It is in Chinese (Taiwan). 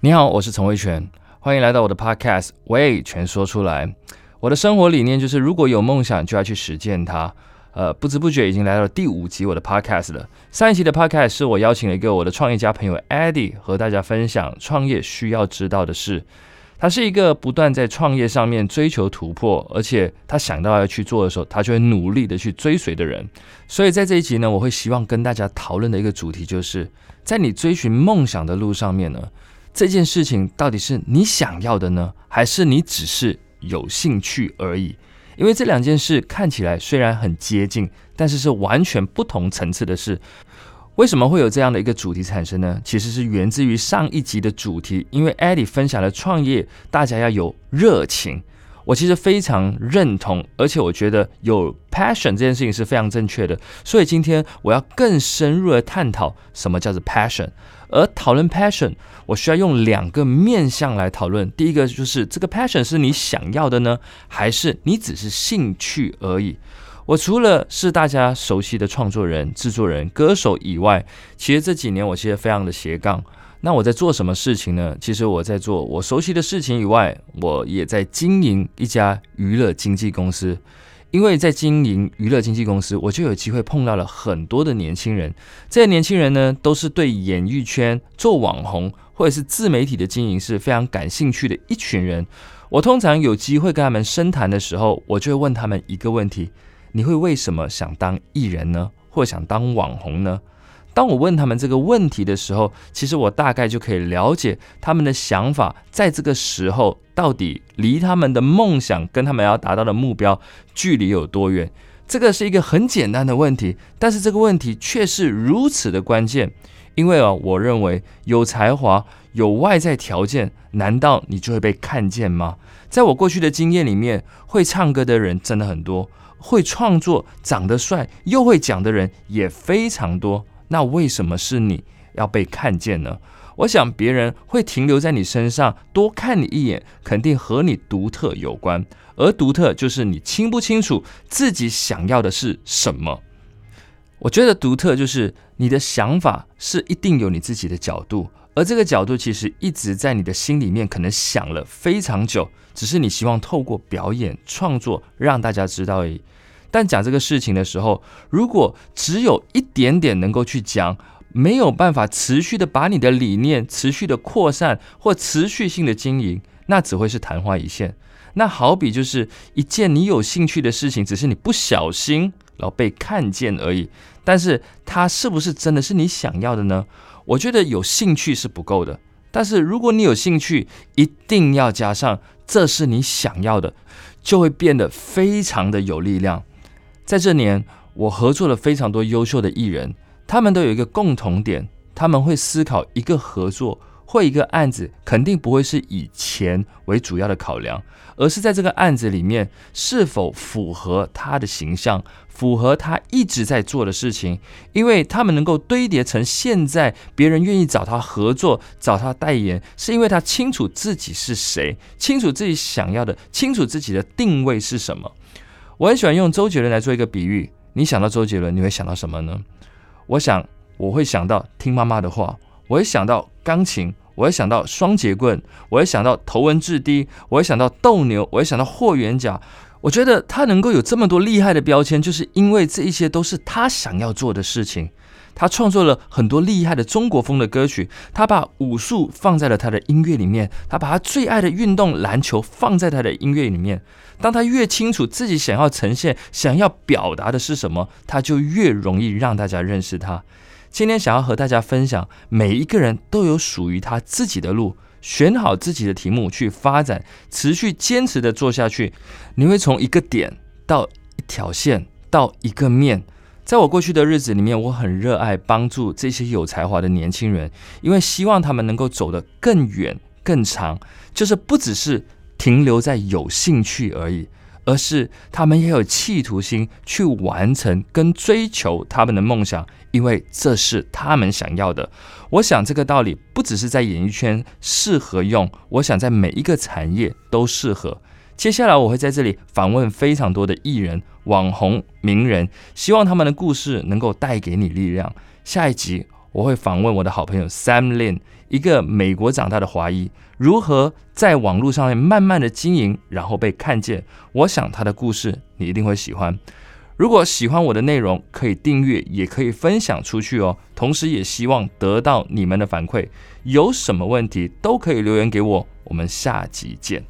你好，我是陳維權，歡迎來到我的 podcast。維權說出來，我的生活理念就是如果有夢想就要去實踐它。呃，不知不覺已經來到了第五集我的 podcast 了。上一集的 podcast 是我邀請了一個我的創業家朋友 Eddie 和大家分享創業需要知道的事。他是一個不斷在創業上面追求突破，而且他想到要去做的時候，他就會努力的去追隨的人。所以在這一集呢，我會希望跟大家討論的一個主題就是在你追尋夢想的路上面呢。這件事情到底是你想要的呢？還是你只是有興趣而已？因為這兩件事看起來雖然很接近，但是是完全不同層次的事。為什麼會有這樣的一個主題產生呢？其實是源自於上一集的主題，因為 Eddie 分享了創業，大家要有熱情。我其實非常認同，而且我覺得有 passion 這件事情是非常正確的。所以今天我要更深入的探討什麼叫做 passion。而討論 passion，我需要用兩個面向來討論。第一個就是這個 passion 是你想要的呢，還是你只是興趣而已？我除了是大家熟悉的創作人、製作人、歌手以外，其實這幾年我其實非常的斜槓。那我在做什麼事情呢？其實我在做我熟悉的事情以外，我也在經營一家娛樂經紀公司。因為在經營娛樂經紀公司，我就有機會碰到了很多的年輕人。這些年輕人呢，都是對演藝圈、做網紅或者是自媒體的經營是非常感興趣的一群人。我通常有機會跟他們深談的時候，我就會問他們一個問題：你會為什麼想當藝人呢？或想當網紅呢？當我問他們這個問題的時候，其實我大概就可以了解他們的想法，在這個時候到底離他們的夢想跟他們要達到的目標距離有多遠？這個是一個很簡單的問題，但是這個問題卻是如此的關鍵，因為哦，我認為有才華、有外在條件，難道你就會被看見嗎？在我過去的經驗裡面，會唱歌的人真的很多，會創作、長得帥又會講的人也非常多。那為什麼是你要被看見呢？我想別人會停留在你身上多看你一眼，肯定和你獨特有關。而獨特就是你清不清楚自己想要的是什麼。我覺得獨特就是你的想法是一定有你自己的角度，而這個角度其實一直在你的心裡面，可能想了非常久，只是你希望透過表演創作讓大家知道而已。但講這個事情的時候，如果只有一。點點能夠去講，沒有辦法持續的把你的理念持續的擴散或持續性的經營，那只會是曇花一現。那好比就是一件你有興趣的事情，只是你不小心老被看見而已。但是它是不是真的是你想要的呢？我覺得有興趣是不夠的。但是如果你有興趣，一定要加上這是你想要的，就會變得非常的有力量。在這年。我合作了非常多優秀的藝人，他們都有一個共同點，他們會思考一個合作或一個案子，肯定不會是以錢為主要的考量，而是在這個案子裡面是否符合他的形象，符合他一直在做的事情。因為他們能夠堆疊成現在別人願意找他合作、找他代言，是因為他清楚自己是誰，清楚自己想要的，清楚自己的定位是什麼。我很喜歡用周杰倫來做一個比喻。你想到周杰倫，你會想到什麼呢？我想我會想到聽媽媽的話，我會想到鋼琴，我會想到雙截棍，我會想到頭文字 D，我會想到鬥牛，我會想到霍元甲。我覺得他能夠有這麼多厲害的標籤，就是因為這一些都是他想要做的事情。他創作了很多厲害的中國風的歌曲，他把武術放在了他的音樂裡面，他把他最愛的運動籃球放在他的音樂裡面。當他越清楚自己想要呈現、想要表達的是什麼，他就越容易讓大家認識他。今天想要和大家分享，每一個人都有屬於他自己的路。選好自己的題目去發展，持續堅持的做下去，你會從一個點到一條線，到一個面。在我過去的日子裡面，我很熱愛幫助這些有才華的年輕人，因為希望他們能夠走得更遠、更長，就是不只是停留在有興趣而已。而是他們也有企圖心去完成跟追求他們的夢想，因為這是他們想要的。我想這個道理不只是在演藝圈適合用，我想在每一個產業都適合。接下來我會在這裡訪問非常多的藝人、網紅、名人，希望他們的故事能夠帶給你力量。下一集。我會訪問我的好朋友 Sam Lin，一個美國長大的華裔，如何在網絡上面慢慢的經營，然後被看見。我想他的故事你一定會喜歡。如果喜歡我的內容，可以訂閱，也可以分享出去哦。同時也希望得到你們的反饋，有什麼問題都可以留言給我。我們下集見。